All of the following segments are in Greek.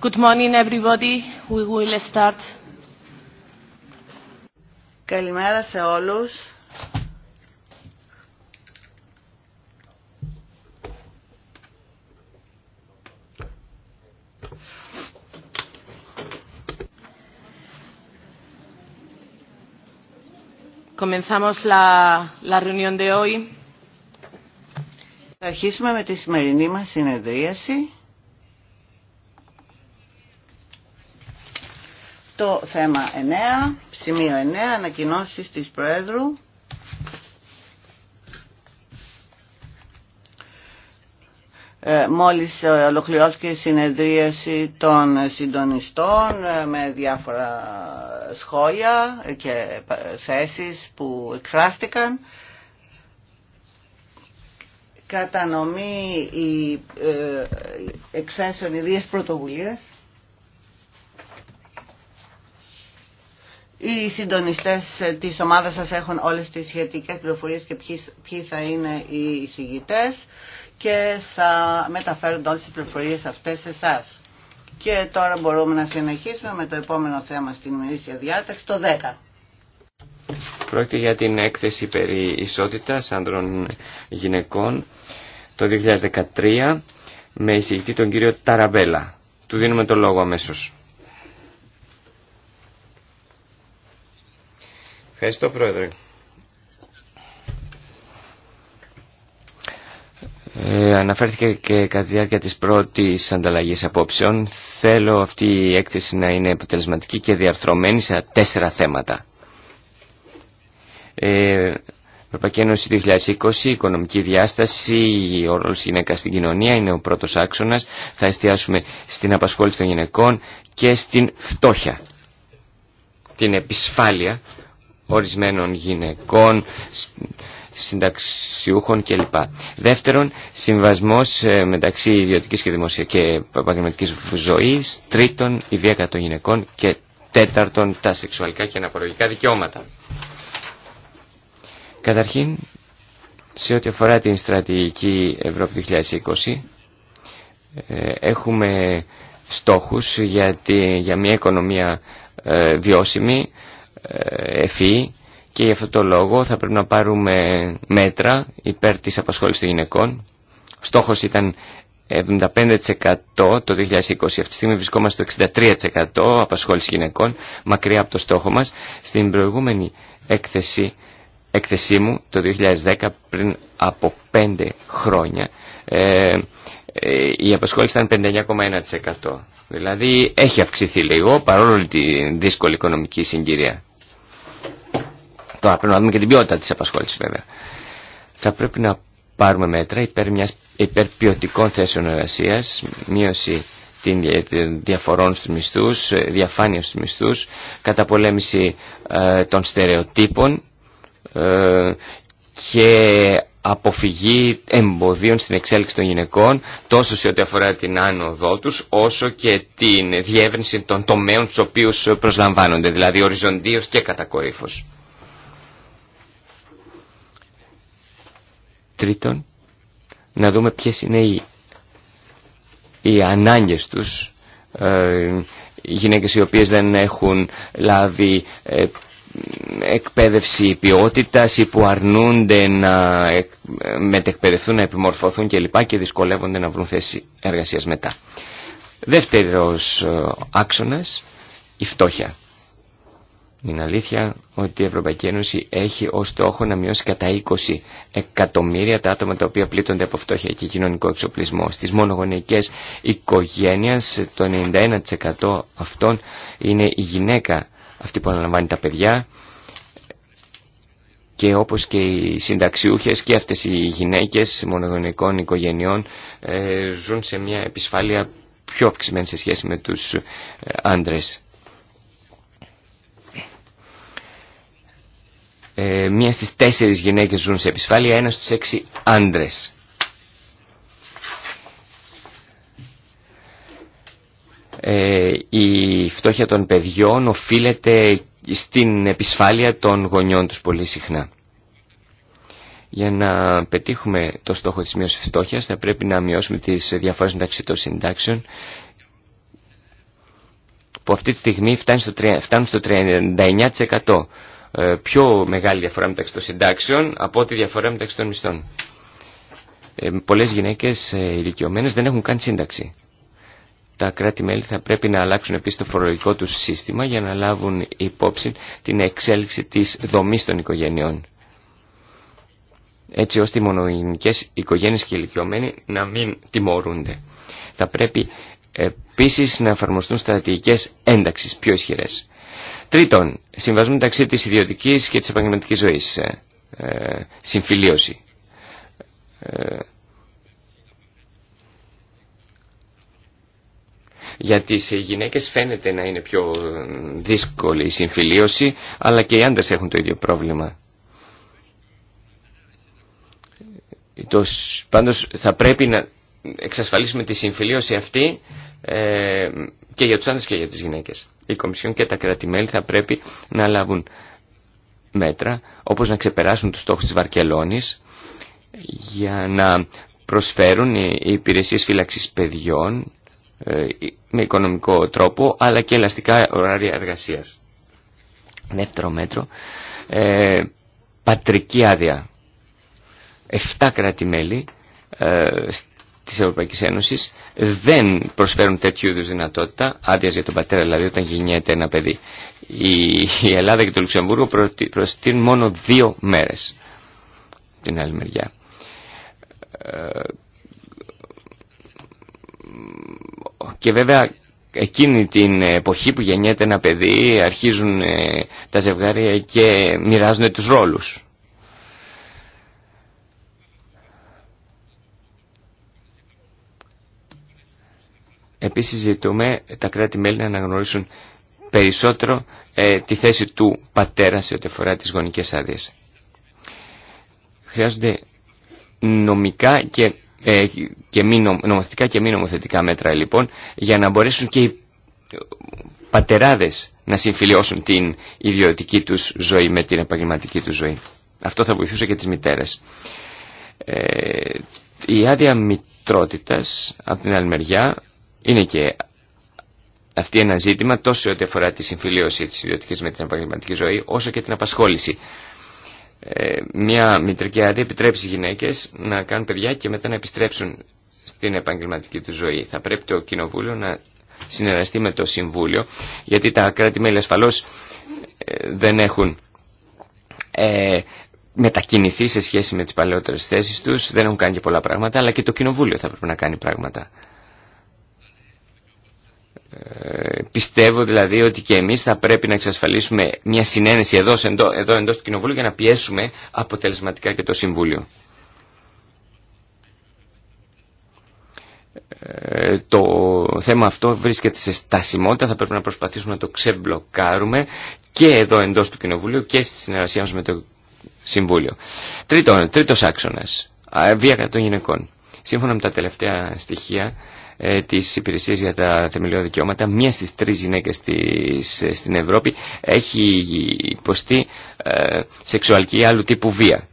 Good morning everybody. We will start. Καλημέρα σε όλους. Comenzamos la, la reunión de hoy. Θα αρχίσουμε με τη σημερινή μας συνεδρίαση. Το θέμα 9, σημείο 9, ανακοινώσει της Προέδρου. Ε, μόλις ολοκληρώθηκε η συνεδρίαση των συντονιστών ε, με διάφορα σχόλια και θέσεις που εκφράστηκαν. Κατανομή η ε, εξέσεων ιδίες πρωτοβουλίας Οι συντονιστές της ομάδας σας έχουν όλες τις σχετικές πληροφορίες και ποιοι θα είναι οι εισηγητές και θα μεταφέρουν όλες τις πληροφορίες αυτές σε εσά. Και τώρα μπορούμε να συνεχίσουμε με το επόμενο θέμα στην ημερήσια διάταξη, το 10. Πρόκειται για την έκθεση περί ισότητας άντρων γυναικών το 2013 με εισηγητή τον κύριο Ταραμπέλα. Του δίνουμε το λόγο αμέσως. Ευχαριστώ Πρόεδρε. Ε, αναφέρθηκε και κατά τη διάρκεια της πρώτης ανταλλαγής απόψεων. Θέλω αυτή η έκθεση να είναι αποτελεσματική και διαρθρωμένη σε τέσσερα θέματα. Ε, Ευρωπαϊκή Ένωση 2020, οικονομική διάσταση, ο ρόλος γυναίκα γυναίκας στην κοινωνία είναι ο πρώτος άξονας. Θα εστιάσουμε στην απασχόληση των γυναικών και στην φτώχεια, την επισφάλεια ορισμένων γυναικών, συνταξιούχων κλπ. Δεύτερον, συμβασμός ε, μεταξύ ιδιωτικής και, δημοσιακής και επαγγελματικής ζωής. Τρίτον, η βία κατά των γυναικών. Και τέταρτον, τα σεξουαλικά και αναπαραγωγικά δικαιώματα. Καταρχήν, σε ό,τι αφορά την στρατηγική Ευρώπη 2020, ε, έχουμε στόχους για, τη, για μια οικονομία ε, βιώσιμη ευφύ και γι' αυτό το λόγο θα πρέπει να πάρουμε μέτρα υπέρ της απασχόλησης των γυναικών. Στόχος ήταν 75% το 2020, αυτή τη στιγμή βρισκόμαστε στο 63% απασχόληση γυναικών, μακριά από το στόχο μας. Στην προηγούμενη έκθεση, έκθεσή μου, το 2010, πριν από 5 χρόνια, ε, ε, η απασχόληση ήταν 59,1%. Δηλαδή έχει αυξηθεί λίγο, παρόλο τη δύσκολη οικονομική συγκυρία. Τώρα πρέπει να δούμε και την ποιότητα της απασχόλησης βέβαια. Θα πρέπει να πάρουμε μέτρα υπέρ, μιας, υπέρ ποιοτικών θέσεων εργασία, μείωση ε, την διαφορών στους μισθούς, ε, διαφάνεια στους μισθούς, καταπολέμηση ε, των στερεοτύπων ε, και αποφυγή εμποδίων στην εξέλιξη των γυναικών τόσο σε ό,τι αφορά την άνοδό τους όσο και την διεύρυνση των τομέων στους οποίους προσλαμβάνονται δηλαδή οριζοντίως και κατακορύφως. Τρίτον, να δούμε ποιες είναι οι, οι ανάγκες τους, ε, οι γυναίκες οι οποίες δεν έχουν λάβει ε, εκπαίδευση ποιότητας ή που αρνούνται να ε, μετεκπαιδευτούν, να επιμορφωθούν κλπ. και δυσκολεύονται να βρουν θέση εργασίας μετά. Δεύτερος άξονας, η φτώχεια. Είναι αλήθεια ότι η Ευρωπαϊκή Ένωση έχει ως στόχο να μειώσει κατά 20 εκατομμύρια τα άτομα τα οποία πλήττονται από φτώχεια και κοινωνικό εξοπλισμό. Στις μονογονεϊκές οικογένειες το 91% αυτών είναι η γυναίκα αυτή που αναλαμβάνει τα παιδιά και όπως και οι συνταξιούχες και αυτές οι γυναίκες μονογονεϊκών οικογενειών ε, ζουν σε μια επισφάλεια πιο αυξημένη σε σχέση με τους ε, άντρες. ε, μία στις τέσσερις γυναίκες ζουν σε επισφάλεια, ένας στους έξι άντρες. Ε, η φτώχεια των παιδιών οφείλεται στην επισφάλεια των γονιών τους πολύ συχνά. Για να πετύχουμε το στόχο της μείωσης φτώχειας θα πρέπει να μειώσουμε τις διαφορές μεταξύ των συντάξεων που αυτή τη στιγμή φτάνουν στο 39% ε, πιο μεγάλη διαφορά μεταξύ των συντάξεων από τη διαφορά μεταξύ των μισθών. Ε, πολλές γυναίκες ε, ηλικιωμένες δεν έχουν καν σύνταξη. Τα κράτη-μέλη θα πρέπει να αλλάξουν επίσης το φορολογικό τους σύστημα για να λάβουν υπόψη την εξέλιξη της δομής των οικογενειών. Έτσι ώστε οι μονογενικές οικογένειες και οι ηλικιωμένοι να μην τιμωρούνται. Θα πρέπει επίσης να εφαρμοστούν στρατηγικές ένταξης πιο ισχυρές. Τρίτον, συμβασμό μεταξύ της ιδιωτικής και της επαγγελματικής ζωής. Ε, ε, συμφιλίωση. Ε, για τις γυναίκες φαίνεται να είναι πιο δύσκολη η συμφιλίωση, αλλά και οι άντρες έχουν το ίδιο πρόβλημα. Ε, πάντως θα πρέπει να εξασφαλίσουμε τη συμφιλίωση αυτή ε, και για τους άντρες και για τις γυναίκες. Η Κομισιόν και τα κρατημέλη θα πρέπει να λάβουν μέτρα όπως να ξεπεράσουν τους στόχους της Βαρκελόνης για να προσφέρουν οι υπηρεσίες φύλαξης παιδιών ε, με οικονομικό τρόπο αλλά και ελαστικά ωράρια εργασίας. Δεύτερο μέτρο, ε, πατρική άδεια. Εφτά της Ευρωπαϊκής Ένωσης δεν προσφέρουν τέτοιου είδου δυνατότητα, άδειας για τον πατέρα δηλαδή όταν γεννιέται ένα παιδί. Η, Ελλάδα και το Λουξεμβούργο προστείνουν μόνο δύο μέρες την άλλη μεριά. Ε, και βέβαια εκείνη την εποχή που γεννιέται ένα παιδί αρχίζουν ε, τα ζευγάρια και μοιράζονται τους ρόλους. Επίσης ζητούμε τα κράτη-μέλη να αναγνωρίσουν περισσότερο ε, τη θέση του πατέρα σε ό,τι αφορά τις γονικές άδειες. Χρειάζονται νομικά και, ε, και μη νομοθετικά και μη νομοθετικά μέτρα λοιπόν για να μπορέσουν και οι πατεράδες να συμφιλιώσουν την ιδιωτική τους ζωή με την επαγγελματική τους ζωή. Αυτό θα βοηθούσε και τις μητέρες. Ε, η άδεια μητρότητας από την άλλη μεριά είναι και αυτή ένα ζήτημα τόσο ό,τι αφορά τη συμφιλίωση της ιδιωτικής με την επαγγελματική ζωή όσο και την απασχόληση. Ε, μια μητρική άδεια επιτρέψει οι γυναίκες να κάνουν παιδιά και μετά να επιστρέψουν στην επαγγελματική του ζωή. Θα πρέπει το Κοινοβούλιο να συνεργαστεί με το Συμβούλιο γιατί τα κράτη-μέλη ασφαλώς ε, δεν έχουν ε, μετακινηθεί σε σχέση με τις παλαιότερες θέσεις τους, δεν έχουν κάνει και πολλά πράγματα αλλά και το Κοινοβούλιο θα πρέπει να κάνει πράγματα. Ε, πιστεύω δηλαδή ότι και εμείς θα πρέπει να εξασφαλίσουμε μια συνένεση εδώ, εντό, εδώ εντός του Κοινοβούλου για να πιέσουμε αποτελεσματικά και το Συμβούλιο. Ε, το θέμα αυτό βρίσκεται σε στασιμότητα, θα πρέπει να προσπαθήσουμε να το ξεμπλοκάρουμε και εδώ εντός του Κοινοβουλίου και στη συνεργασία μας με το Συμβούλιο. Τρίτο, τρίτος άξονας, βία κατά των γυναικών. Σύμφωνα με τα τελευταία στοιχεία, ε, της Υπηρεσίας για τα Θεμελιώδη Δικαιώματα, μία στις τρεις γυναίκες ε, στην Ευρώπη έχει υποστεί ε, σεξουαλική ή άλλου τύπου βία.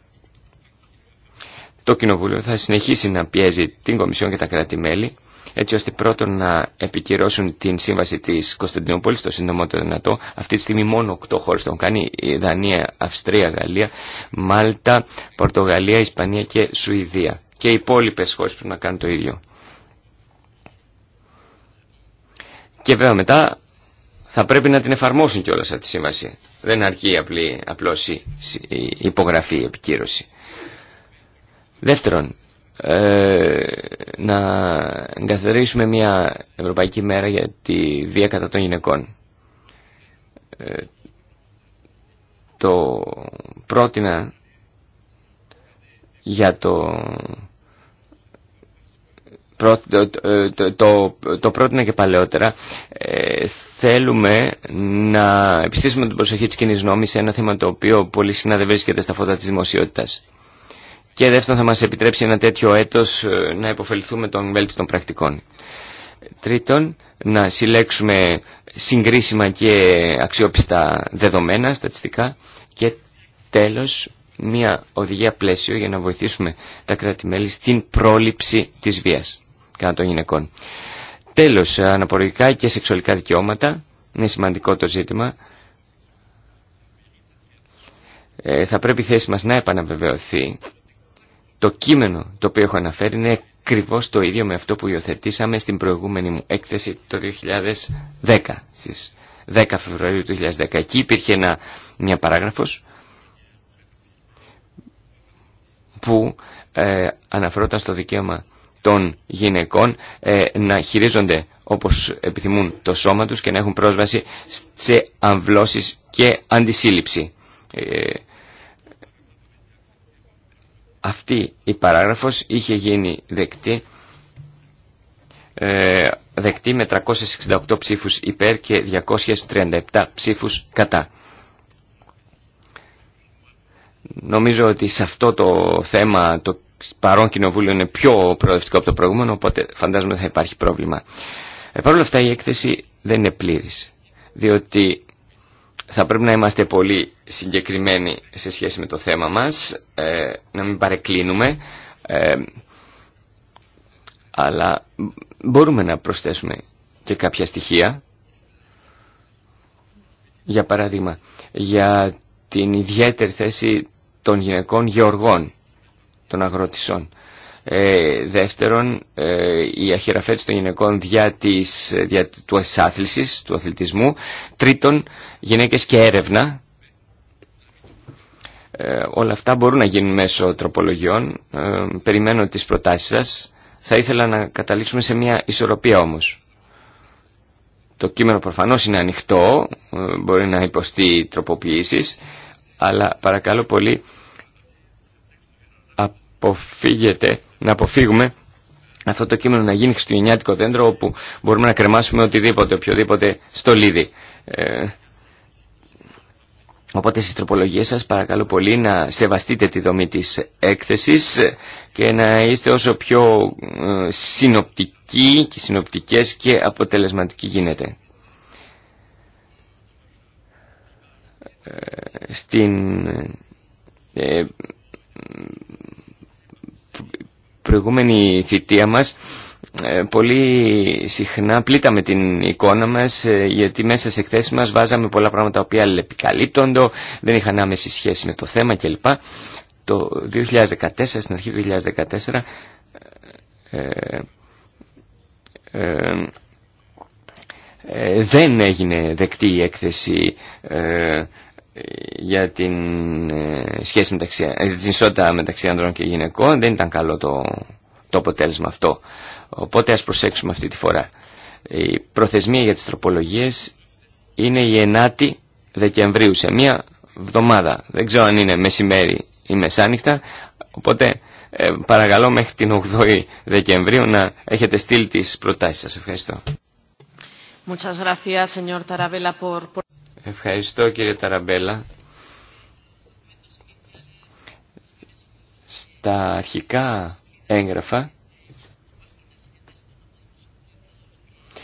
Το Κοινοβούλιο θα συνεχίσει να πιέζει την Κομισιόν και τα κράτη-μέλη έτσι ώστε πρώτον να επικυρώσουν την σύμβαση τη Κωνσταντινούπολη το σύντομο το δυνατό. Αυτή τη στιγμή μόνο 8 χώρε τον κάνει: η Δανία, Αυστρία, Γαλλία, Μάλτα, Πορτογαλία, Ισπανία και Σουηδία. Και οι υπόλοιπε χώρε πρέπει να κάνουν το ίδιο. Και βέβαια μετά θα πρέπει να την εφαρμόσουν κιόλας αυτή τη σύμβαση. Δεν αρκεί απλή, απλώς η υπογραφή, η επικύρωση. Δεύτερον, ε, να εγκαθαρίσουμε μια Ευρωπαϊκή Μέρα για τη βία κατά των γυναικών. Ε, το πρότεινα για το το, το, το πρότεινα και παλαιότερα, ε, θέλουμε να επιστήσουμε την προσοχή της κοινή νόμης σε ένα θέμα το οποίο πολύ συναντεύεται στα φώτα της δημοσιότητας. Και δεύτερον θα μας επιτρέψει ένα τέτοιο έτος ε, να υποφεληθούμε των βέλτιστων πρακτικών. Τρίτον, να συλλέξουμε συγκρίσιμα και αξιόπιστα δεδομένα, στατιστικά. Και τέλος, μια οδηγία πλαίσιο για να βοηθήσουμε τα κράτη-μέλη στην πρόληψη της βίας κατά των γυναικών. Τέλος, αναπορικά και σεξουαλικά δικαιώματα. Είναι σημαντικό το ζήτημα. Ε, θα πρέπει η θέση μας να επαναβεβαιωθεί. Το κείμενο το οποίο έχω αναφέρει είναι ακριβώ το ίδιο με αυτό που υιοθετήσαμε στην προηγούμενη μου έκθεση το 2010, στις 10 Φεβρουαρίου του 2010. Εκεί υπήρχε ένα, μια παράγραφος που ε, αναφερόταν στο δικαίωμα των γυναικών ε, να χειρίζονται όπως επιθυμούν το σώμα τους και να έχουν πρόσβαση σε αμβλώσεις και αντισύλληψη. Ε, αυτή η παράγραφος είχε γίνει δεκτή, ε, δεκτή με 368 ψήφους υπέρ και 237 ψήφους κατά. Νομίζω ότι σε αυτό το θέμα το παρόν κοινοβούλιο είναι πιο προοδευτικό από το προηγούμενο, οπότε φαντάζομαι ότι θα υπάρχει πρόβλημα. Ε, Παρ' όλα αυτά η έκθεση δεν είναι πλήρης, διότι θα πρέπει να είμαστε πολύ συγκεκριμένοι σε σχέση με το θέμα μας, ε, να μην παρεκκλίνουμε, ε, αλλά μπορούμε να προσθέσουμε και κάποια στοιχεία. Για παράδειγμα, για την ιδιαίτερη θέση των γυναικών γεωργών των αγροτησών. Ε, δεύτερον, ε, η αχειραφέτηση των γυναικών δια, της, δια του του αθλητισμού. Τρίτον, γυναίκες και έρευνα. Ε, όλα αυτά μπορούν να γίνουν μέσω τροπολογιών. Ε, περιμένω τις προτάσεις σας. Θα ήθελα να καταλήξουμε σε μια ισορροπία όμως. Το κείμενο προφανώς είναι ανοιχτό, ε, μπορεί να υποστεί τροποποιήσεις, αλλά παρακαλώ πολύ αποφύγεται, να αποφύγουμε αυτό το κείμενο να γίνει χριστουγεννιάτικο δέντρο όπου μπορούμε να κρεμάσουμε οτιδήποτε, οποιοδήποτε στολίδι. Ε, οπότε στις τροπολογίες σας παρακαλώ πολύ να σεβαστείτε τη δομή της έκθεσης και να είστε όσο πιο ε, συνοπτικοί και συνοπτικές και αποτελεσματικοί γίνεται. Ε, στην... Ε, προηγούμενη θητεία μας ε, πολύ συχνά πλήταμε την εικόνα μας ε, γιατί μέσα σε εκθέσεις μας βάζαμε πολλά πράγματα τα οποία λεπικαλύπτοντο, δεν είχαν άμεση σχέση με το θέμα κλπ. Το 2014, στην αρχή του 2014, ε, ε, ε, δεν έγινε δεκτή η έκθεση για την ε, σχέση μεταξύ, ε, την ισότητα μεταξύ ανδρών και γυναικών δεν ήταν καλό το, το αποτέλεσμα αυτό. Οπότε ας προσέξουμε αυτή τη φορά. Η προθεσμία για τις τροπολογίες είναι η 9η Δεκεμβρίου σε μία εβδομάδα. Δεν ξέρω αν είναι μεσημέρι ή μεσάνυχτα. Οπότε ε, παρακαλώ μέχρι την 8η Δεκεμβρίου να έχετε στείλει τις προτάσεις σας. Ευχαριστώ. Ευχαριστώ κύριε Ταραμπέλα. Στα αρχικά έγγραφα,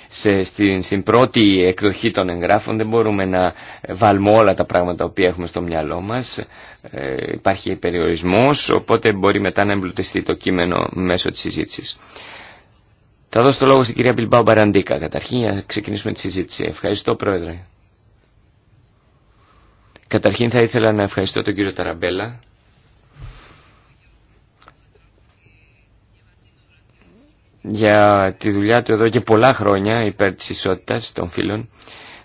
σε, στην, στην πρώτη εκδοχή των εγγράφων δεν μπορούμε να βάλουμε όλα τα πράγματα που έχουμε στο μυαλό μας. Ε, υπάρχει περιορισμός, οπότε μπορεί μετά να εμπλουτιστεί το κείμενο μέσω της συζήτησης. Θα δώσω το λόγο στην κυρία Μπιλμπάου Μπαραντίκα καταρχήν για να ξεκινήσουμε τη συζήτηση. Ευχαριστώ πρόεδρε. Καταρχήν θα ήθελα να ευχαριστώ τον κύριο Ταραμπέλα για τη δουλειά του εδώ και πολλά χρόνια υπέρ της ισότητας των φίλων.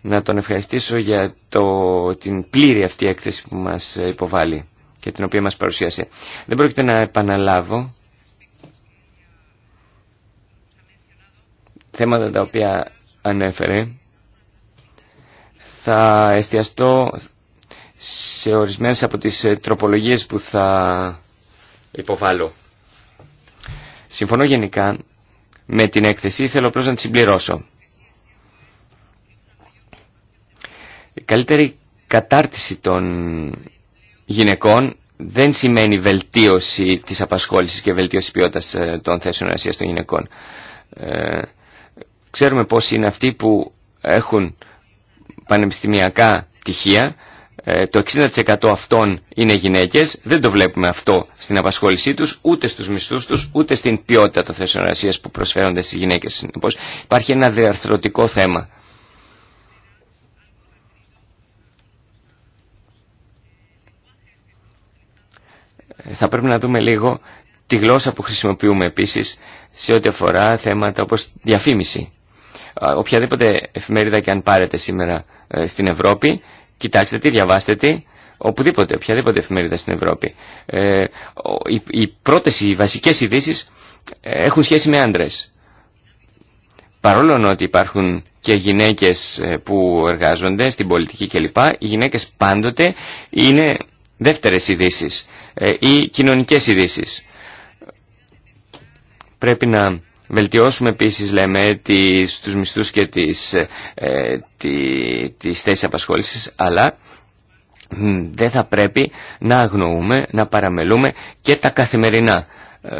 Να τον ευχαριστήσω για το, την πλήρη αυτή έκθεση που μας υποβάλλει και την οποία μας παρουσίασε. Δεν πρόκειται να επαναλάβω θέματα τα οποία ανέφερε. Θα εστιαστώ σε ορισμένες από τις ε, τροπολογίες που θα υποβάλω. Συμφωνώ γενικά με την έκθεση, θέλω απλώς να τη συμπληρώσω. Η καλύτερη κατάρτιση των γυναικών δεν σημαίνει βελτίωση της απασχόλησης και βελτίωση ποιότητας ε, των θέσεων εργασία των γυναικών. Ε, ξέρουμε πώς είναι αυτοί που έχουν πανεπιστημιακά πτυχία ε, το 60% αυτών είναι γυναίκες, δεν το βλέπουμε αυτό στην απασχόλησή τους, ούτε στους μισθούς τους, ούτε στην ποιότητα των θέσεων που προσφέρονται στις γυναίκες. Συνεπώς, υπάρχει ένα διαρθρωτικό θέμα. Ε, θα πρέπει να δούμε λίγο τη γλώσσα που χρησιμοποιούμε επίσης σε ό,τι αφορά θέματα όπως διαφήμιση. Οποιαδήποτε εφημερίδα και αν πάρετε σήμερα ε, στην Ευρώπη Κοιτάξτε τι, διαβάστε τι οπουδήποτε, οποιαδήποτε εφημερίδα στην Ευρώπη. Ε, οι, οι πρώτες, οι βασικές ειδήσει ε, έχουν σχέση με άντρες. Παρόλο ότι υπάρχουν και γυναίκες ε, που εργάζονται στην πολιτική κλπ, οι γυναίκες πάντοτε είναι δεύτερες ειδήσει ή κοινωνικές ειδήσει. Πρέπει να Βελτιώσουμε επίσης λέμε τις, τους μισθούς και τις, ε, τη, τις θέσεις απασχόλησης αλλά δεν θα πρέπει να αγνοούμε, να παραμελούμε και τα καθημερινά. Ε,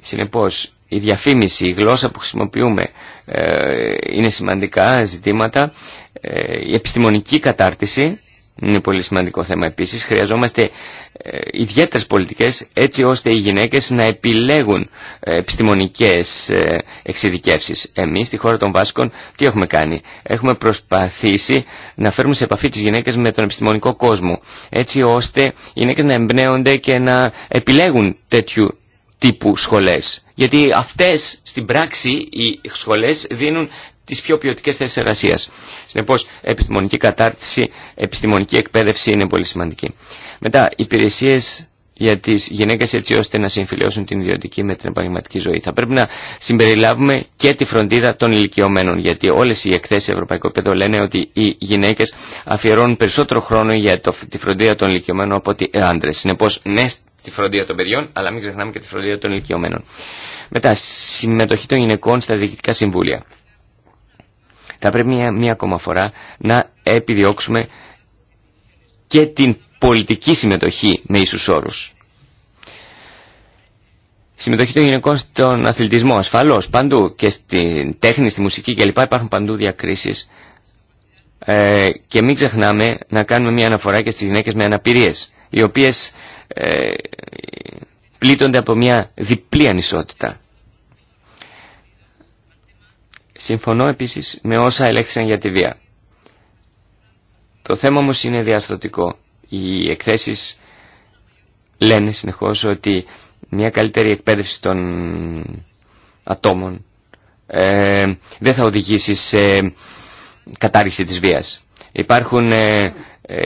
συνεπώς η διαφήμιση, η γλώσσα που χρησιμοποιούμε ε, είναι σημαντικά ζητήματα. Ε, η επιστημονική κατάρτιση είναι πολύ σημαντικό θέμα επίσης. Χρειαζόμαστε ε, ιδιαίτερες πολιτικές έτσι ώστε οι γυναίκες να επιλέγουν ε, επιστημονικές ε, εξειδικεύσεις. Εμείς στη χώρα των Βάσκων τι έχουμε κάνει. Έχουμε προσπαθήσει να φέρουμε σε επαφή τις γυναίκες με τον επιστημονικό κόσμο έτσι ώστε οι γυναίκες να εμπνέονται και να επιλέγουν τέτοιου τύπου σχολές. Γιατί αυτές στην πράξη οι σχολές δίνουν τις πιο ποιοτικέ θέσεις εργασία. Συνεπώς, επιστημονική κατάρτιση, επιστημονική εκπαίδευση είναι πολύ σημαντική. Μετά, υπηρεσίες για τις γυναίκες έτσι ώστε να συμφιλειώσουν την ιδιωτική με την επαγγελματική ζωή. Θα πρέπει να συμπεριλάβουμε και τη φροντίδα των ηλικιωμένων, γιατί όλες οι εκθέσεις ευρωπαϊκό επίπεδο λένε ότι οι γυναίκες αφιερώνουν περισσότερο χρόνο για το, τη φροντίδα των ηλικιωμένων από ότι άντρε. Συνεπώ ναι, τη φροντίδα των παιδιών, αλλά μην ξεχνάμε και τη φροντίδα των ηλικιωμένων. Μετά, συμμετοχή των γυναικών στα διοικητικά συμβούλια θα πρέπει μια, μια ακόμα φορά να επιδιώξουμε και την πολιτική συμμετοχή με ίσους όρους. Συμμετοχή των γυναικών στον αθλητισμό, ασφαλώς, παντού και στην τέχνη, στη μουσική κλπ. Υπάρχουν παντού διακρίσεις ε, και μην ξεχνάμε να κάνουμε μια αναφορά και στις γυναίκες με αναπηρίες, οι οποίες ε, πλήττονται από μια διπλή ανισότητα. Συμφωνώ επίσης με όσα ελέγχθησαν για τη βία. Το θέμα όμως είναι διαρθρωτικό. Οι εκθέσεις λένε συνεχώς ότι μια καλύτερη εκπαίδευση των ατόμων ε, δεν θα οδηγήσει σε κατάργηση της βίας. Υπάρχουν ε, ε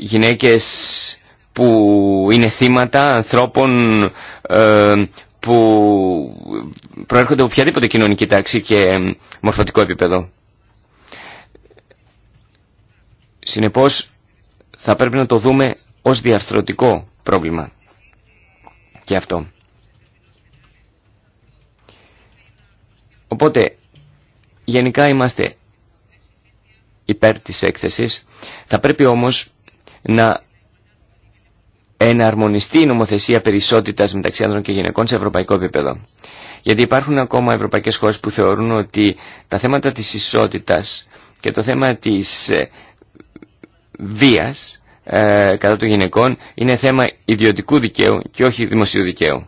γυναίκες που είναι θύματα ανθρώπων ε, που προέρχονται από οποιαδήποτε κοινωνική τάξη και μορφωτικό επίπεδο. Συνεπώς θα πρέπει να το δούμε ως διαρθρωτικό πρόβλημα και αυτό. Οπότε γενικά είμαστε υπέρ της έκθεσης, θα πρέπει όμως να εναρμονιστεί η νομοθεσία περισσότητας μεταξύ άνδρων και γυναικών σε ευρωπαϊκό επίπεδο. Γιατί υπάρχουν ακόμα ευρωπαϊκές χώρες που θεωρούν ότι τα θέματα της ισότητας και το θέμα της ε, βίας ε, κατά των γυναικών είναι θέμα ιδιωτικού δικαίου και όχι δημοσίου δικαίου.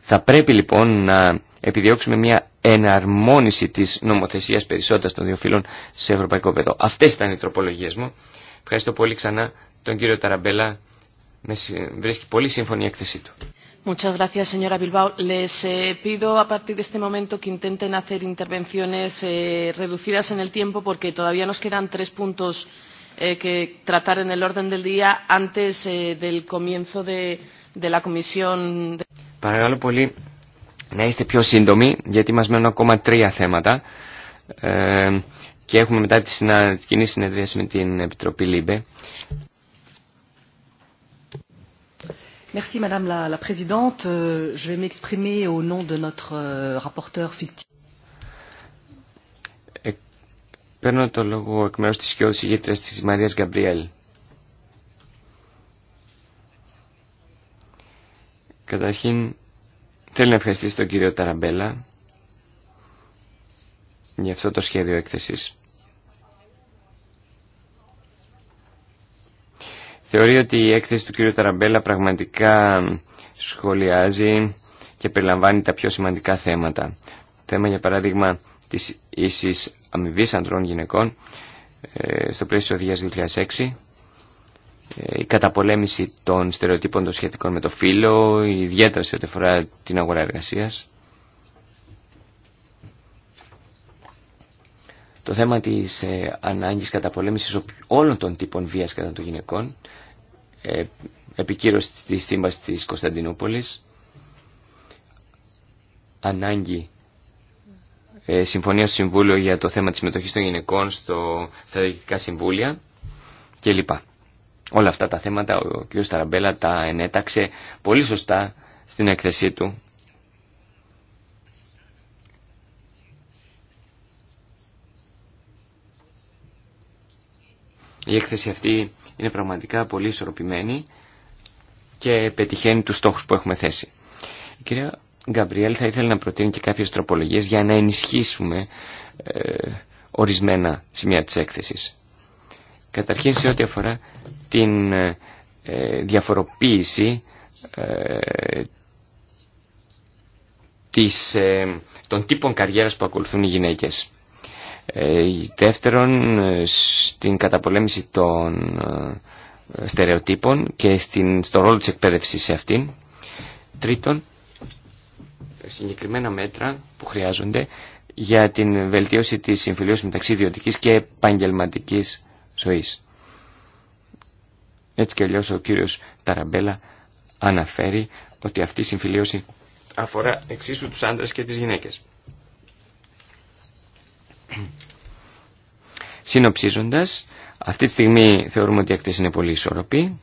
Θα πρέπει λοιπόν να επιδιώξουμε μια εναρμόνιση της νομοθεσίας περισσότερα των δύο φύλων σε ευρωπαϊκό επίπεδο. Αυτές ήταν οι τροπολογίε μου. Ευχαριστώ πολύ ξανά τον κύριο Ταραμπέλα με βρίσκει πολύ σύμφωνη η έκθεσή του. Muchas gracias, señora Bilbao. Les eh, pido a partir de este momento que intenten hacer intervenciones eh, reducidas en el tiempo porque todavía nos quedan tres puntos eh, que tratar en el orden del día antes eh, del comienzo de, de la comisión. De... Παρακαλώ πολύ να είστε πιο σύντομοι γιατί μας μένουν ακόμα τρία θέματα ε, και έχουμε μετά τη κοινή συνεδρίαση με την Επιτροπή ΛΥΜΠΕ. Madame la, la Présidente. Euh, je vais m'exprimer au nom de notre euh, rapporteur fictif. Ε, παίρνω το λόγο εκ μέρους της σκιώδης ηγέτρας της Μαρίας Γκαμπριέλ. Καταρχήν, θέλω να ευχαριστήσω τον κύριο Ταραμπέλα για αυτό το σχέδιο έκθεσης. Θεωρεί ότι η έκθεση του κ. Ταραμπέλα πραγματικά σχολιάζει και περιλαμβάνει τα πιο σημαντικά θέματα. Θέμα για παράδειγμα της ίσης αμοιβής ανδρών γυναικών ε, στο πλαίσιο 2006, ε, η καταπολέμηση των στερεοτύπων των σχετικών με το φύλλο, η σε ό,τι αφορά την αγορά εργασίας. Το θέμα της ε, ανάγκης καταπολέμησης όλων των τύπων βίας κατά των γυναικών, ε, επικύρωση της σύμβασης της Κωνσταντινούπολης, ανάγκη ε, συμφωνία στο Συμβούλιο για το θέμα της συμμετοχής των γυναικών στο, στα διοικητικά συμβούλια κλπ. Όλα αυτά τα θέματα ο κ. Σταραμπέλα τα ενέταξε πολύ σωστά στην έκθεσή του Η έκθεση αυτή είναι πραγματικά πολύ ισορροπημένη και πετυχαίνει τους στόχους που έχουμε θέσει. Η κυρία Γκαμπριέλ θα ήθελε να προτείνει και κάποιες τροπολογίες για να ενισχύσουμε ε, ορισμένα σημεία της έκθεσης. Καταρχήν σε ό,τι αφορά την ε, διαφοροποίηση ε, ε, των τύπων καριέρας που ακολουθούν οι γυναίκες. Ε, δεύτερον, ε, στην καταπολέμηση των ε, στερεοτύπων και στην, ρόλο της εκπαίδευσης σε αυτήν. Τρίτον, συγκεκριμένα μέτρα που χρειάζονται για την βελτίωση της συμφιλίωσης μεταξύ ιδιωτικής και επαγγελματική ζωής. Έτσι και αλλιώς ο κύριος Ταραμπέλα αναφέρει ότι αυτή η συμφιλίωση αφορά εξίσου τους άντρες και τις γυναίκες. Συνοψίζοντας, αυτή τη στιγμή θεωρούμε ότι η ακτές είναι πολύ ισορροπή.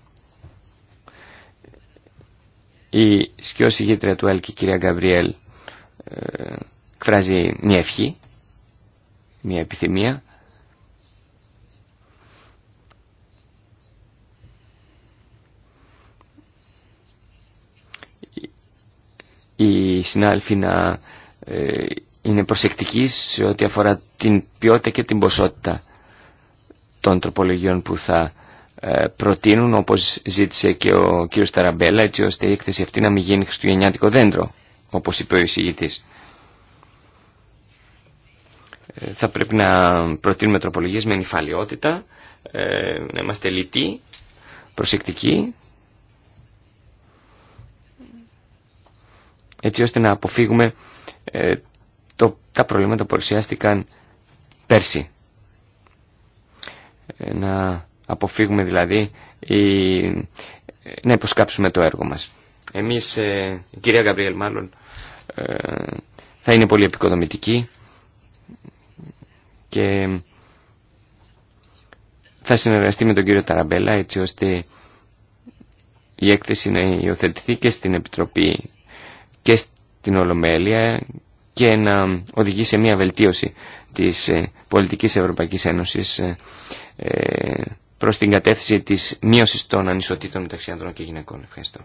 Η σκιώση γήτρια του Έλκη, κυρία Γκαμπριέλ, ε, εκφράζει μια ευχή, μια επιθυμία. Οι συνάλφοι να ε, είναι προσεκτική σε ό,τι αφορά την ποιότητα και την ποσότητα των τροπολογιών που θα ε, προτείνουν όπως ζήτησε και ο κύριος Ταραμπέλα έτσι ώστε η έκθεση αυτή να μην γίνει χριστουγεννιάτικο δέντρο όπως είπε ο εισηγητής. Ε, θα πρέπει να προτείνουμε τροπολογίες με νυφαλιότητα, ε, να είμαστε λυτοί, προσεκτικοί έτσι ώστε να αποφύγουμε το, τα προβλήματα που παρουσιάστηκαν πέρσι. Ε, να αποφύγουμε δηλαδή ή, να υποσκάψουμε το έργο μας. Εμείς, ε, η κυρία Γκαμπριέλ μάλλον, ε, θα είναι πολύ επικοδομητική και θα συνεργαστεί με τον κύριο Ταραμπέλα έτσι ώστε η έκθεση να υιοθετηθεί και στην Επιτροπή και στην Ολομέλεια και να οδηγεί σε μια βελτίωση της ε, πολιτικής Ευρωπαϊκής Ένωσης ε, ε, προς την κατεύθυνση της μείωσης των ανισοτήτων μεταξύ ανδρών και γυναικών. Ευχαριστώ.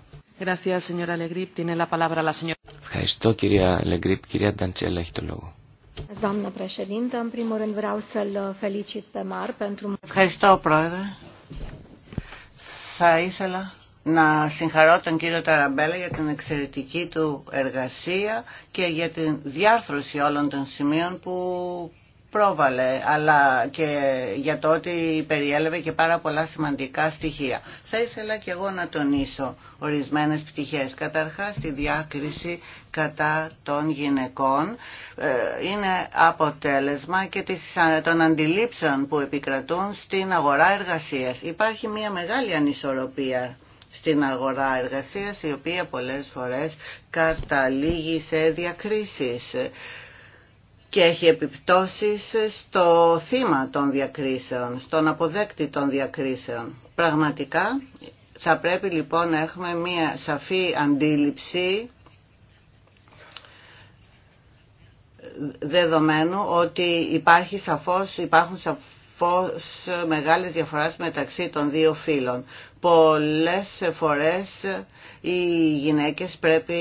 Ευχαριστώ κυρία Λεγκρίπ. Κυρία Νταντσέλα έχει το λόγο. Ευχαριστώ πρόεδρε. Θα ήθελα να συγχαρώ τον κύριο Ταραμπέλα για την εξαιρετική του εργασία και για την διάρθρωση όλων των σημείων που πρόβαλε, αλλά και για το ότι περιέλευε και πάρα πολλά σημαντικά στοιχεία. Θα ήθελα και εγώ να τονίσω ορισμένες πτυχές. Καταρχάς, τη διάκριση κατά των γυναικών ε, είναι αποτέλεσμα και των αντιλήψεων που επικρατούν στην αγορά εργασίας. Υπάρχει μια μεγάλη ανισορροπία στην αγορά εργασίας η οποία πολλές φορές καταλήγει σε διακρίσεις και έχει επιπτώσεις στο θύμα των διακρίσεων, στον αποδέκτη των διακρίσεων. Πραγματικά θα πρέπει λοιπόν να έχουμε μία σαφή αντίληψη δεδομένου ότι υπάρχει σαφώς, υπάρχουν σαφώς φως μεγάλης διαφοράς μεταξύ των δύο φύλων. Πολλές φορές οι γυναίκες πρέπει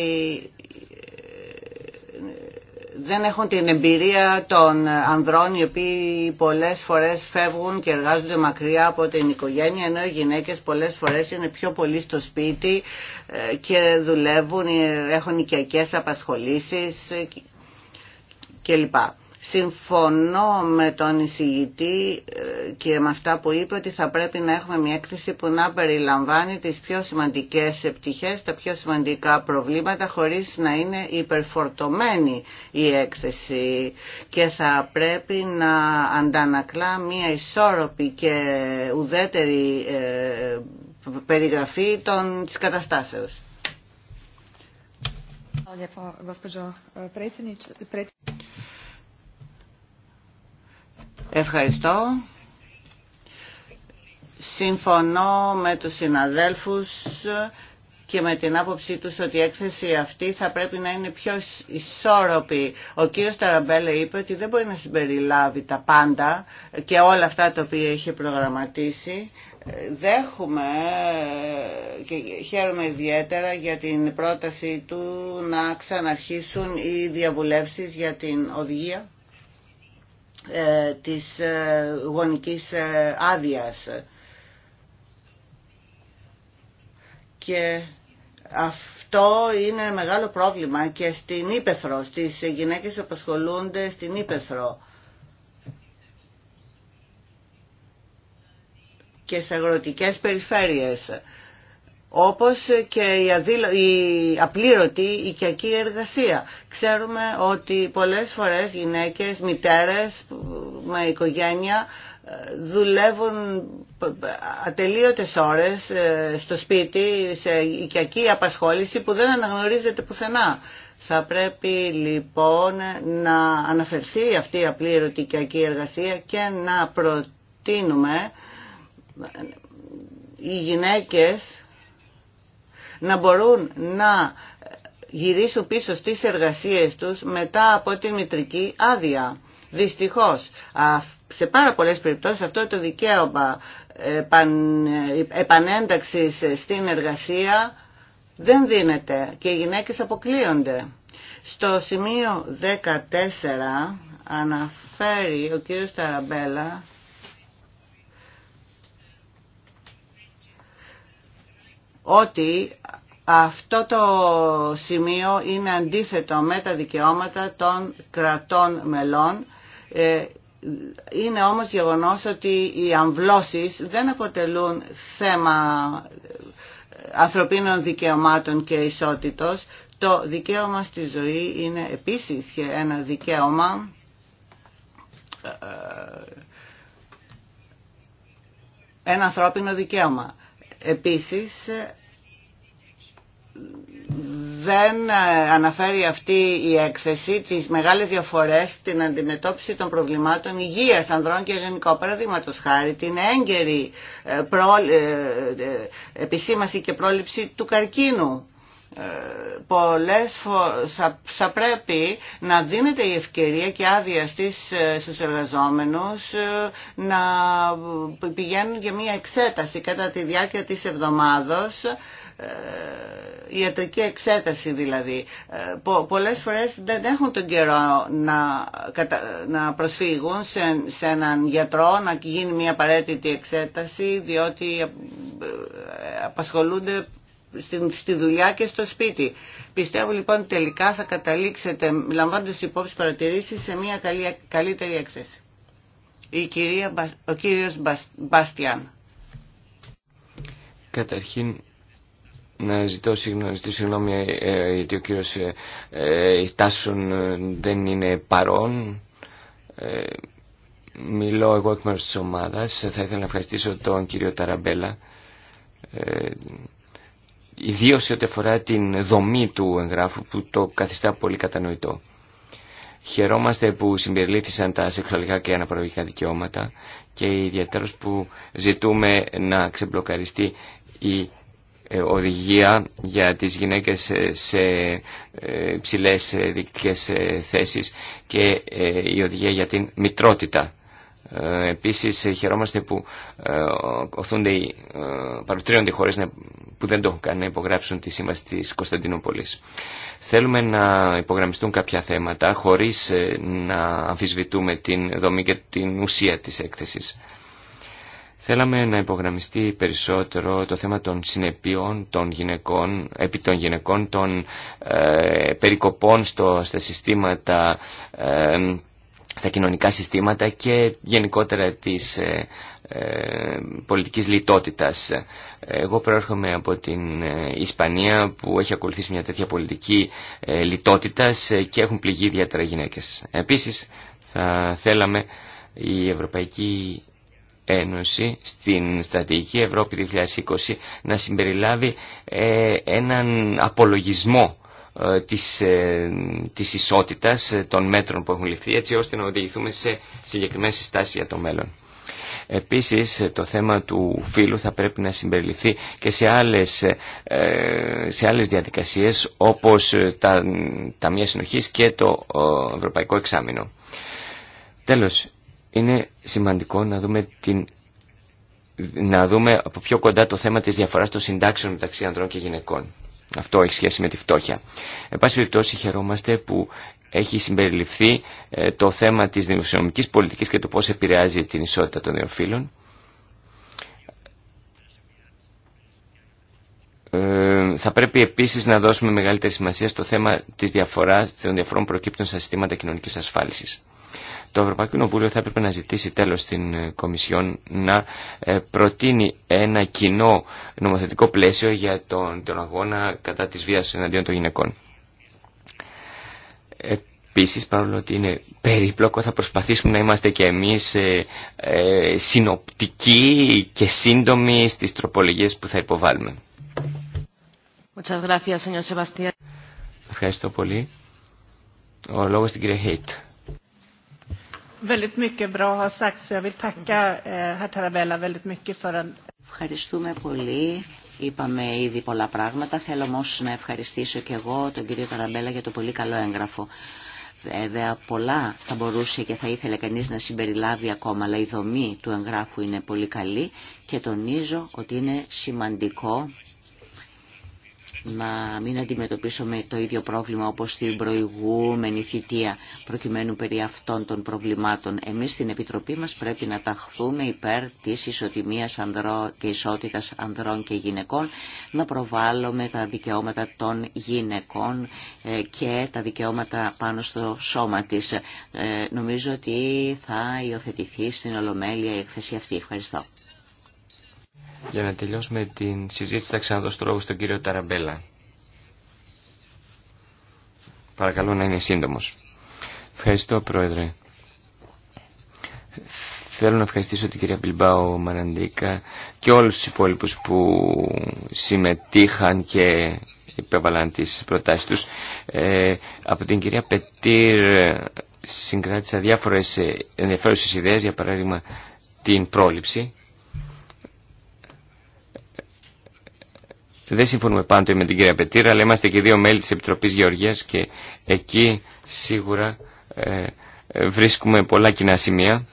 δεν έχουν την εμπειρία των ανδρών οι οποίοι πολλές φορές φεύγουν και εργάζονται μακριά από την οικογένεια ενώ οι γυναίκες πολλές φορές είναι πιο πολύ στο σπίτι ε, και δουλεύουν, ε, έχουν οικιακές απασχολήσεις ε, κλπ. Συμφωνώ με τον εισηγητή ε, και με αυτά που είπε ότι θα πρέπει να έχουμε μια έκθεση που να περιλαμβάνει τις πιο σημαντικές επιτυχίες, τα πιο σημαντικά προβλήματα χωρίς να είναι υπερφορτωμένη η έκθεση και θα πρέπει να αντανακλά μια ισόρροπη και ουδέτερη ε, περιγραφή των, της καταστάσεως. Eh, Ευχαριστώ. Συμφωνώ με τους συναδέλφους και με την άποψή τους ότι η έκθεση αυτή θα πρέπει να είναι πιο ισόρροπη. Ο κύριος Ταραμπέλε είπε ότι δεν μπορεί να συμπεριλάβει τα πάντα και όλα αυτά τα οποία είχε προγραμματίσει. Δέχομαι και χαίρομαι ιδιαίτερα για την πρόταση του να ξαναρχίσουν οι διαβουλεύσεις για την οδηγία ε, της ε, γονικής ε, άδειας. Και αυτό είναι μεγάλο πρόβλημα και στην Ήπεθρο, στις γυναίκες που απασχολούνται στην Ήπεθρο. και σε αγροτικές περιφέρειες όπως και η, η απλήρωτη οικιακή εργασία. Ξέρουμε ότι πολλές φορές γυναίκες, μητέρες με οικογένεια ε, δουλεύουν ατελείωτες ώρες ε, στο σπίτι σε οικιακή απασχόληση που δεν αναγνωρίζεται πουθενά. Θα πρέπει λοιπόν να αναφερθεί αυτή η απλήρωτη οικιακή εργασία και να προτείνουμε οι γυναίκες να μπορούν να γυρίσουν πίσω στις εργασίες τους μετά από τη μητρική άδεια. Δυστυχώς, σε πάρα πολλές περιπτώσεις αυτό το δικαίωμα ε, ε, επανένταξης στην εργασία δεν δίνεται και οι γυναίκες αποκλείονται. Στο σημείο 14 αναφέρει ο κύριος Ταραμπέλα ότι αυτό το σημείο είναι αντίθετο με τα δικαιώματα των κρατών μελών. Ε, είναι όμως γεγονός ότι οι αμβλώσεις δεν αποτελούν θέμα ε, ανθρωπίνων δικαιωμάτων και ισότητος. Το δικαίωμα στη ζωή είναι επίσης και ένα δικαίωμα ε, ένα ανθρώπινο δικαίωμα. Επίσης, δεν αναφέρει αυτή η έκθεση τις μεγάλες διαφορές στην αντιμετώπιση των προβλημάτων υγείας ανδρών και γενικό παραδείγματο χάρη την έγκαιρη ε, προ... Ε, ε, επισήμαση και πρόληψη του καρκίνου πολλές φορές θα, πρέπει να δίνεται η ευκαιρία και άδεια στις, ε, στους εργαζόμενους ε, να πηγαίνουν για μια εξέταση κατά τη διάρκεια της εβδομάδος ε, ιατρική εξέταση δηλαδή. Πο, πολλές φορές δεν έχουν τον καιρό να, να προσφύγουν σε, σε έναν γιατρό να γίνει μια απαραίτητη εξέταση διότι απασχολούνται στη δουλειά και στο σπίτι. Πιστεύω λοιπόν τελικά θα καταλήξετε, λαμβάνοντας υπόψη παρατηρήσεις, σε μια καλή, καλύτερη έκθεση. Η κυρία, ο κύριος Μπάστιαν. Καταρχήν, να ζητώ συγγνώμη, συγγνώμη ε, ε, γιατί ο κύριος ε, ε, δεν είναι παρόν. Ε, μιλώ εγώ εκ μέρους της ομάδας. Θα ήθελα να ευχαριστήσω τον κύριο Ταραμπέλα Ιδίω σε ό,τι αφορά την δομή του εγγράφου που το καθιστά πολύ κατανοητό. Χαιρόμαστε που συμπεριλήφθησαν τα σεξουαλικά και αναπαραγωγικά δικαιώματα και ιδιαίτερως που ζητούμε να ξεμπλοκαριστεί η ε, οδηγία για τις γυναίκες σε ε, ψηλές ε, δικτικές θέσεις και η οδηγία για την μητρότητα. Ε, επίσης χαιρόμαστε που ε, οθούνται οι, ε, παροτρύνονται χώρες που δεν το έχουν κάνει να υπογράψουν τη σύμβαση της Κωνσταντινούπολης. Θέλουμε να υπογραμμιστούν κάποια θέματα χωρίς να αμφισβητούμε την δομή και την ουσία της έκθεσης. Θέλαμε να υπογραμμιστεί περισσότερο το θέμα των συνεπειών των γυναικών, επί των γυναικών, των περικοπών στο, στα συστήματα στα κοινωνικά συστήματα και γενικότερα της ε, ε πολιτικής λιτότητας. Εγώ προέρχομαι από την ε, Ισπανία που έχει ακολουθήσει μια τέτοια πολιτική ε, λιτότητας ε, και έχουν πληγεί ιδιαίτερα γυναίκες. Επίσης θα θέλαμε η Ευρωπαϊκή Ένωση στην Στρατηγική Ευρώπη 2020 να συμπεριλάβει έναν απολογισμό ε, της, ε, της ισότητας ε, των μέτρων που έχουν ληφθεί έτσι ώστε να οδηγηθούμε σε συγκεκριμένες συστάσεις για το μέλλον. Επίσης το θέμα του φύλου θα πρέπει να συμπεριληφθεί και σε άλλες, σε άλλες διαδικασίες όπως τα μία Συνοχής και το Ευρωπαϊκό Εξάμεινο. Τέλος, είναι σημαντικό να δούμε την να δούμε από πιο κοντά το θέμα της διαφοράς των συντάξεων μεταξύ ανδρών και γυναικών. Αυτό έχει σχέση με τη φτώχεια. Εν πάση περιπτώσει χαιρόμαστε που έχει συμπεριληφθεί ε, το θέμα της δημοσιονομικής πολιτικής και το πώς επηρεάζει την ισότητα των δύο ε, θα πρέπει επίσης να δώσουμε μεγαλύτερη σημασία στο θέμα της διαφοράς, των διαφορών προκύπτων στα συστήματα κοινωνικής ασφάλισης το Ευρωπαϊκό Κοινοβούλιο θα έπρεπε να ζητήσει τέλος την ε, Κομισιόν να ε, προτείνει ένα κοινό νομοθετικό πλαίσιο για τον, τον αγώνα κατά της βίας εναντίον των γυναικών. Επίση, παρόλο ότι είναι περίπλοκο, θα προσπαθήσουμε να είμαστε και εμεί ε, συνοπτικοί και σύντομοι στι τροπολογίε που θα υποβάλουμε. Ευχαριστώ πολύ. Ο λόγος στην κυρία Χέιτ. Ευχαριστούμε πολύ. Είπαμε ήδη πολλά πράγματα. Θέλω όμω να ευχαριστήσω και εγώ τον κύριο Ταραμπέλα για το πολύ καλό έγγραφο. Βέβαια πολλά θα μπορούσε και θα ήθελε κανεί να συμπεριλάβει ακόμα, αλλά η δομή του εγγράφου είναι πολύ καλή και τονίζω ότι είναι σημαντικό να μην αντιμετωπίσουμε το ίδιο πρόβλημα όπως την προηγούμενη θητεία προκειμένου περί αυτών των προβλημάτων. Εμείς στην Επιτροπή μας πρέπει να ταχθούμε υπέρ της ισοτιμίας ανδρών και ισότητας ανδρών και γυναικών, να προβάλλουμε τα δικαιώματα των γυναικών ε, και τα δικαιώματα πάνω στο σώμα της. Ε, νομίζω ότι θα υιοθετηθεί στην Ολομέλεια η εκθεσία αυτή. Ευχαριστώ. Για να τελειώσουμε την συζήτηση θα ξαναδώσω το λόγο στον κύριο Ταραμπέλα. Παρακαλώ να είναι σύντομος. Ευχαριστώ Πρόεδρε. Θέλω να ευχαριστήσω την κυρία Μπιλμπάου Μαραντίκα και όλους τους υπόλοιπους που συμμετείχαν και υπέβαλαν τις προτάσεις τους. Ε, από την κυρία Πετήρ ε, συγκράτησα διάφορες ε, ενδιαφέρουσες ιδέες, για παράδειγμα την πρόληψη. Δεν συμφωνούμε πάντοτε με την κυρία Πετήρα, αλλά είμαστε και δύο μέλη της Επιτροπής Γεωργίας και εκεί σίγουρα ε, βρίσκουμε πολλά κοινά σημεία.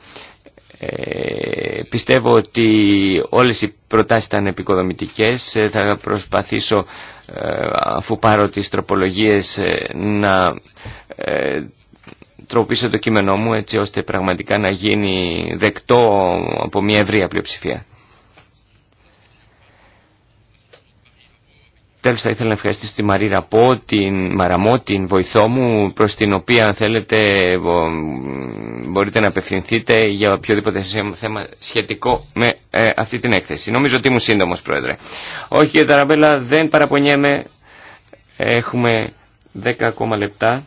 Ε, πιστεύω ότι όλες οι προτάσεις ήταν επικοδομητικές. Ε, θα προσπαθήσω, ε, αφού πάρω τις τροπολογίες, ε, να τροποποιήσω το κείμενό μου έτσι ώστε πραγματικά να γίνει δεκτό από μια ευρεία πλειοψηφία. Τέλος θα ήθελα να ευχαριστήσω τη Μαρή Ραπό, την Μαραμό, την βοηθό μου, προς την οποία αν θέλετε μπορείτε να απευθυνθείτε για οποιοδήποτε θέμα σχετικό με ε, αυτή την έκθεση. Νομίζω ότι ήμουν σύντομος, Πρόεδρε. Όχι, κύριε Ταραμπέλα, δεν παραπονιέμαι. Έχουμε 10 ακόμα λεπτά.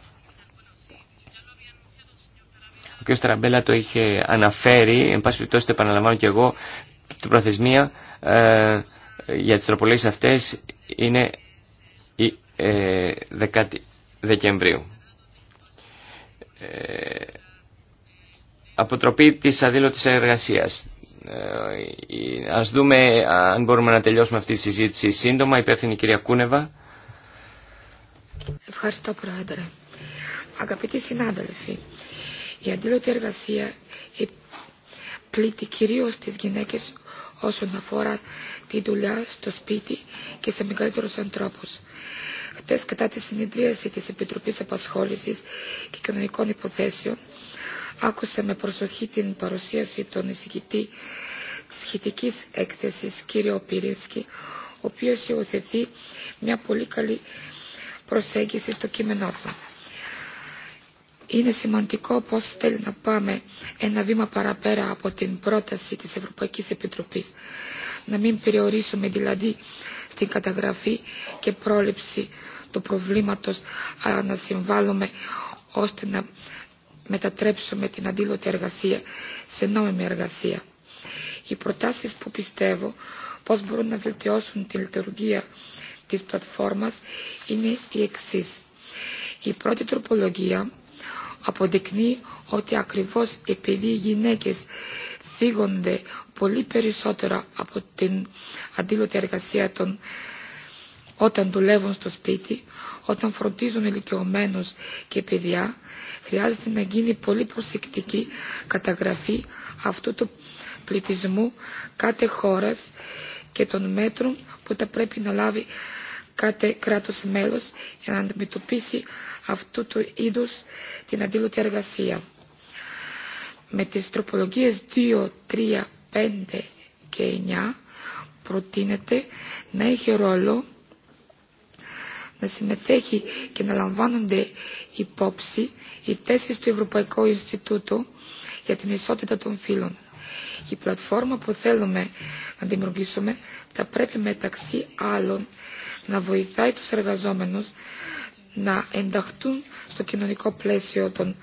Ο κ. Ταραμπέλα το είχε αναφέρει, εν πάση περιπτώσει το επαναλαμβάνω και εγώ, την προθεσμία... Ε, για τις τροπολογίες αυτές είναι η 10 ε, Δεκεμβρίου. Ε, αποτροπή της αδήλωτης εργασίας. Ε, ας δούμε αν μπορούμε να τελειώσουμε αυτή τη συζήτηση σύντομα. Υπεύθυνη κυρία Κούνεβα. Ευχαριστώ Πρόεδρε. Αγαπητοί συνάδελφοι, η αντίλωτη εργασία πλήττει κυρίως τις γυναίκες όσον αφορά τη δουλειά στο σπίτι και σε μεγαλύτερου ανθρώπου. Χτε κατά τη συνεδρίαση τη Επιτροπή Απασχόληση και Κοινωνικών Υποθέσεων, άκουσα με προσοχή την παρουσίαση των εισηγητή τη σχετική έκθεση κ. Πύρισκη, ο οποίο υιοθετεί μια πολύ καλή προσέγγιση στο κείμενό του είναι σημαντικό πώς θέλει να πάμε ένα βήμα παραπέρα από την πρόταση της Ευρωπαϊκής Επιτροπής. Να μην περιορίσουμε δηλαδή στην καταγραφή και πρόληψη του προβλήματος, αλλά να συμβάλλουμε ώστε να μετατρέψουμε την αντίλωτη εργασία σε νόμιμη εργασία. Οι προτάσεις που πιστεύω πώς μπορούν να βελτιώσουν τη λειτουργία της πλατφόρμας είναι οι εξής. Η πρώτη τροπολογία αποδεικνύει ότι ακριβώς επειδή οι γυναίκες θίγονται πολύ περισσότερο από την αντίλωτη εργασία των όταν δουλεύουν στο σπίτι, όταν φροντίζουν ηλικιωμένους και παιδιά, χρειάζεται να γίνει πολύ προσεκτική καταγραφή αυτού του πληθυσμού κάθε χώρας και των μέτρων που θα πρέπει να λάβει κάθε κράτος μέλος για να αντιμετωπίσει αυτού του είδους την αντίλωτη εργασία. Με τις τροπολογίες 2, 3, 5 και 9 προτείνεται να έχει ρόλο να συμμετέχει και να λαμβάνονται υπόψη οι θέσεις του Ευρωπαϊκού Ινστιτούτου για την ισότητα των φύλων. Η πλατφόρμα που θέλουμε να δημιουργήσουμε θα πρέπει μεταξύ άλλων να βοηθάει τους εργαζόμενους να ενταχθούν στο κοινωνικό πλαίσιο των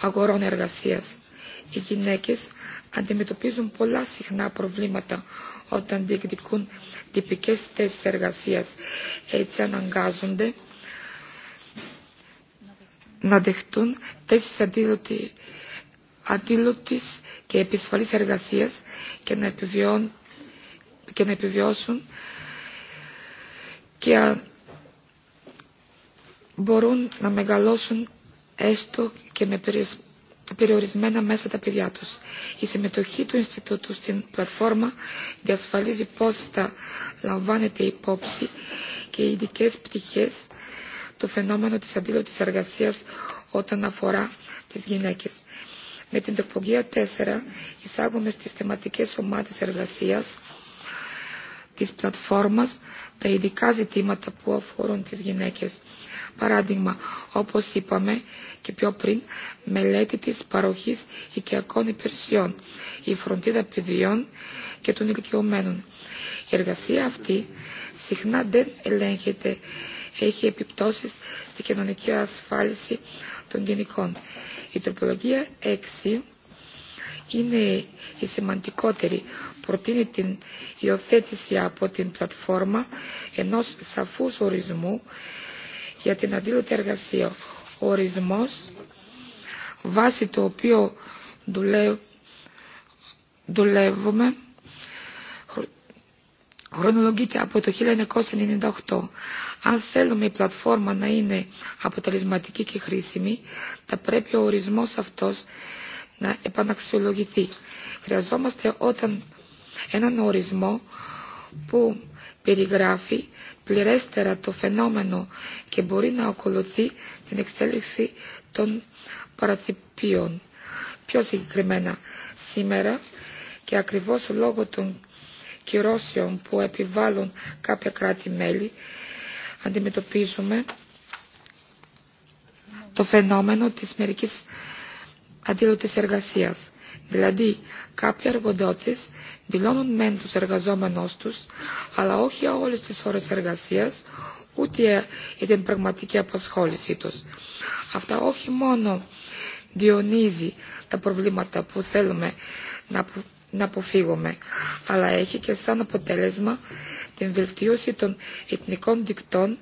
αγορών εργασίας. Οι γυναίκες αντιμετωπίζουν πολλά συχνά προβλήματα όταν διεκδικούν τυπικές θέσεις εργασίας. Έτσι αναγκάζονται να δεχτούν θέσεις αντίλωτης και επισφαλής εργασίας και να, επιβιών, και να επιβιώσουν και μπορούν να μεγαλώσουν έστω και με περιορισμένα μέσα τα παιδιά τους. Η συμμετοχή του Ινστιτούτου στην πλατφόρμα διασφαλίζει πώς θα λαμβάνεται υπόψη και οι ειδικέ πτυχές το φαινόμενο της αντίδοτης εργασίας όταν αφορά τις γυναίκες. Με την τοπογεία 4 εισάγουμε στις θεματικές ομάδες εργασίας της πλατφόρμας τα ειδικά ζητήματα που αφορούν τις γυναίκες Παράδειγμα, όπως είπαμε και πιο πριν, μελέτη της παροχής οικιακών υπηρεσιών, η φροντίδα παιδιών και των ηλικιωμένων. Η εργασία αυτή συχνά δεν ελέγχεται, έχει επιπτώσεις στη κοινωνική ασφάλιση των γενικών. Η τροπολογία 6 είναι η σημαντικότερη. Προτείνει την υιοθέτηση από την πλατφόρμα ενός σαφούς ορισμού για την αδίλωτη εργασία. Ο ορισμός βάσει το οποίο δουλεύουμε χρονολογείται από το 1998. Αν θέλουμε η πλατφόρμα να είναι αποτελεσματική και χρήσιμη, θα πρέπει ο ορισμός αυτός να επαναξιολογηθεί. Χρειαζόμαστε όταν έναν ορισμό που περιγράφει πληρέστερα το φαινόμενο και μπορεί να ακολουθεί την εξέλιξη των παρατυπίων. Πιο συγκεκριμένα σήμερα και ακριβώς λόγω των κυρώσεων που επιβάλλουν κάποια κράτη-μέλη αντιμετωπίζουμε το φαινόμενο της μερικής αντίλωτης εργασίας. Δηλαδή κάποιοι εργοδότες δηλώνουν μεν τους εργαζόμενους τους, αλλά όχι όλες τις ώρες εργασίας, ούτε για την πραγματική απασχόλησή τους. Αυτά όχι μόνο διονύζει τα προβλήματα που θέλουμε να, να αποφύγουμε, αλλά έχει και σαν αποτέλεσμα την βελτίωση των εθνικών δικτών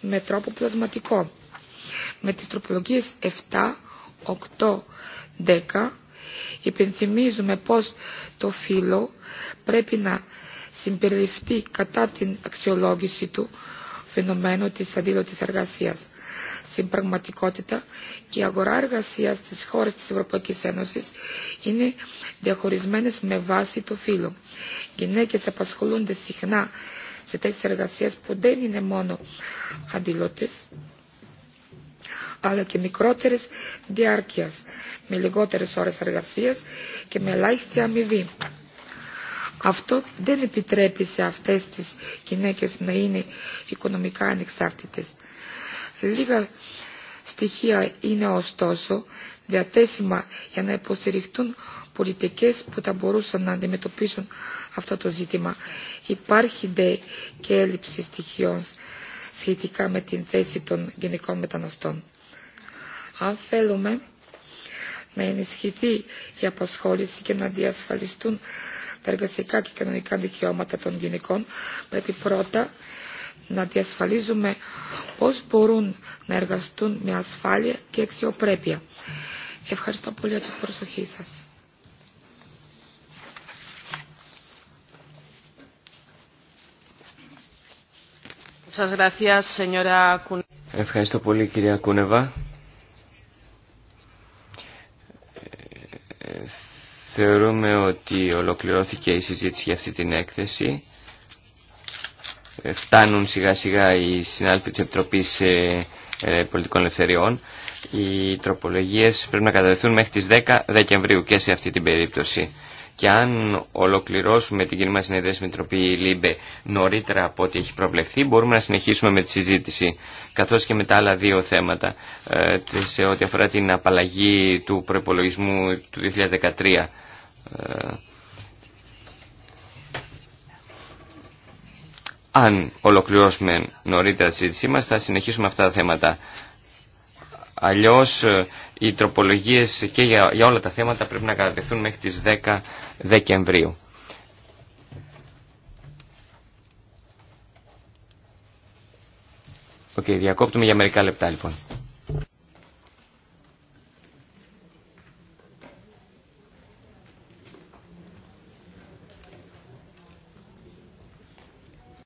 με τρόπο πλασματικό. Με τις τροπολογίες 7, 8, 10, Υπενθυμίζουμε πως το φύλλο πρέπει να συμπεριληφθεί κατά την αξιολόγηση του φαινομένου της αντίλωτης εργασίας. Στην πραγματικότητα, η αγορά εργασία στι χώρε της Ευρωπαϊκής Ένωσης είναι διαχωρισμένες με βάση το φύλλο. Γυναίκε απασχολούνται συχνά σε τέτοιες εργασία που δεν είναι μόνο αντιλωτέ αλλά και μικρότερης διάρκειας, με λιγότερες ώρες εργασίας και με ελάχιστη αμοιβή. Αυτό δεν επιτρέπει σε αυτές τις γυναίκες να είναι οικονομικά ανεξάρτητες. Λίγα στοιχεία είναι ωστόσο διαθέσιμα για να υποστηριχτούν πολιτικές που θα μπορούσαν να αντιμετωπίσουν αυτό το ζήτημα. Υπάρχει δε και έλλειψη στοιχείων σχετικά με την θέση των γενικών μεταναστών. Αν θέλουμε να ενισχυθεί η απασχόληση και να διασφαλιστούν τα εργασικά και κοινωνικά δικαιώματα των γυναικών, πρέπει πρώτα να διασφαλίζουμε πώς μπορούν να εργαστούν με ασφάλεια και αξιοπρέπεια. Ευχαριστώ πολύ για την προσοχή σας. Ευχαριστώ πολύ κυρία Κούνεβα. Θεωρούμε ότι ολοκληρώθηκε η συζήτηση για αυτή την έκθεση. Ε, φτάνουν σιγά σιγά οι συνάλφοι της Επιτροπής ε, ε, Πολιτικών Ελευθεριών. Οι τροπολογίες πρέπει να καταδεθούν μέχρι τις 10 Δεκεμβρίου και σε αυτή την περίπτωση. Και αν ολοκληρώσουμε την κοινή μας συνεδρίαση με την Τροπή ΛΥΜΠΕ νωρίτερα από ό,τι έχει προβλεφθεί, μπορούμε να συνεχίσουμε με τη συζήτηση, καθώς και με τα άλλα δύο θέματα, σε ό,τι αφορά την απαλλαγή του προπολογισμού του 2013 ε, αν ολοκληρώσουμε νωρίτερα τη συζήτησή μας θα συνεχίσουμε αυτά τα θέματα. Αλλιώς ε, οι τροπολογίες και για, όλα τα θέματα πρέπει να κατατεθούν μέχρι τις 10 Δεκεμβρίου. Οκ, okay, διακόπτουμε για μερικά λεπτά λοιπόν.